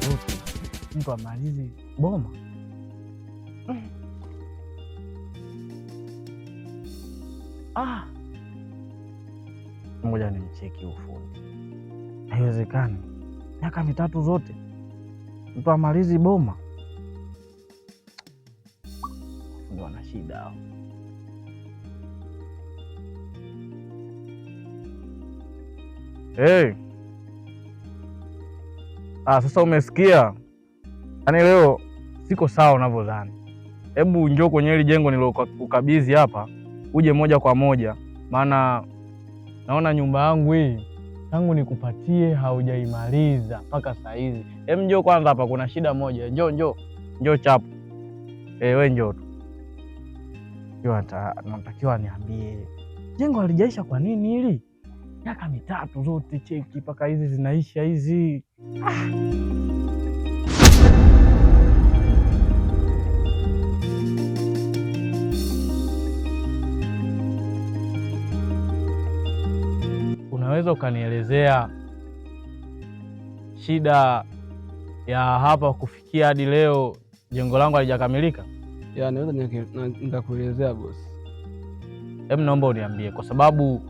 zote mtu amalizi boma moja, ni mcheki ufundi. Haiwezekani miaka mitatu zote mtu amalizi boma, ndo ana shida hao. Hey. Ah, sasa umesikia? Yaani leo siko sawa unavyodhani. Hebu njoo kwenye hili jengo nilokukabidhi hapa, uje moja kwa moja, maana naona nyumba yangu hii tangu nikupatie haujaimaliza mpaka saa hizi. Hebu njoo kwanza hapa, kuna shida moja. Njoo, njoo, njoo chapu. Hey, eh, we njoo tu. Natakiwa niambie jengo halijaisha kwa nini hili? miaka mitatu zote cheki, mpaka hizi zinaisha hizi ah. Unaweza ukanielezea shida ya hapa kufikia hadi leo jengo langu halijakamilika? Ya, naweza nikakuelezea bosi. Hebu naomba uniambie kwa sababu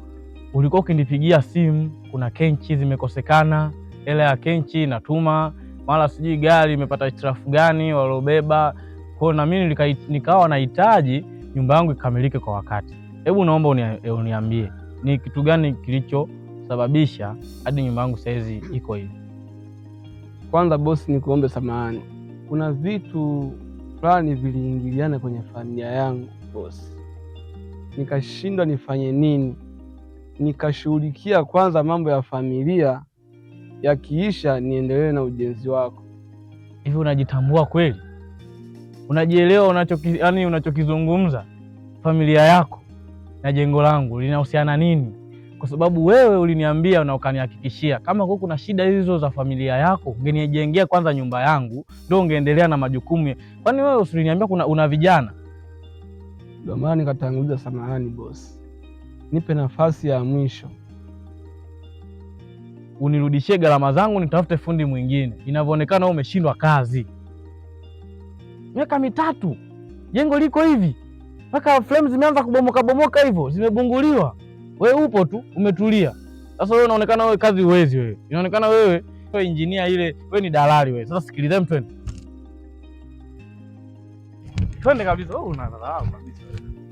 ulikuwa ukinipigia simu, kuna kenchi zimekosekana, hela ya kenchi natuma, mara sijui gari imepata hitilafu gani waliobeba kwao, na mimi nikawa nahitaji nyumba yangu ikamilike kwa wakati. Hebu naomba uniambie ni kitu gani kilichosababisha hadi nyumba yangu saizi iko hivi? Kwanza bosi, nikuombe samahani, kuna vitu fulani viliingiliana kwenye familia yangu bosi, nikashindwa nifanye nini nikashughulikia kwanza mambo ya familia, yakiisha niendelee na ujenzi wako. Hivi unajitambua kweli? Unajielewa unachoki, yani unachokizungumza familia yako na jengo langu linahusiana nini? Kwa sababu wewe uliniambia na ukanihakikishia kama ku kuna shida hizo za familia yako ungenijengea kwanza nyumba yangu, ndio ungeendelea na majukumu. Kwani wewe usiliniambia kuna una vijana? Ndio maana nikatanguliza. Samahani bosi nipe nafasi ya mwisho, unirudishie gharama zangu, nitafute fundi mwingine. Inavyoonekana wewe umeshindwa kazi miaka mitatu, jengo liko hivi mpaka frame zimeanza kubomoka bomoka hivyo, zimebunguliwa. Wewe upo tu umetulia. Sasa wewe unaonekana wewe kazi uwezi, wewe inaonekana wewe wewe injinia ile, wewe ni dalali wewe. Sasa sikilizeni, twende twende kabisa. Wewe oh, unadharau kabisa.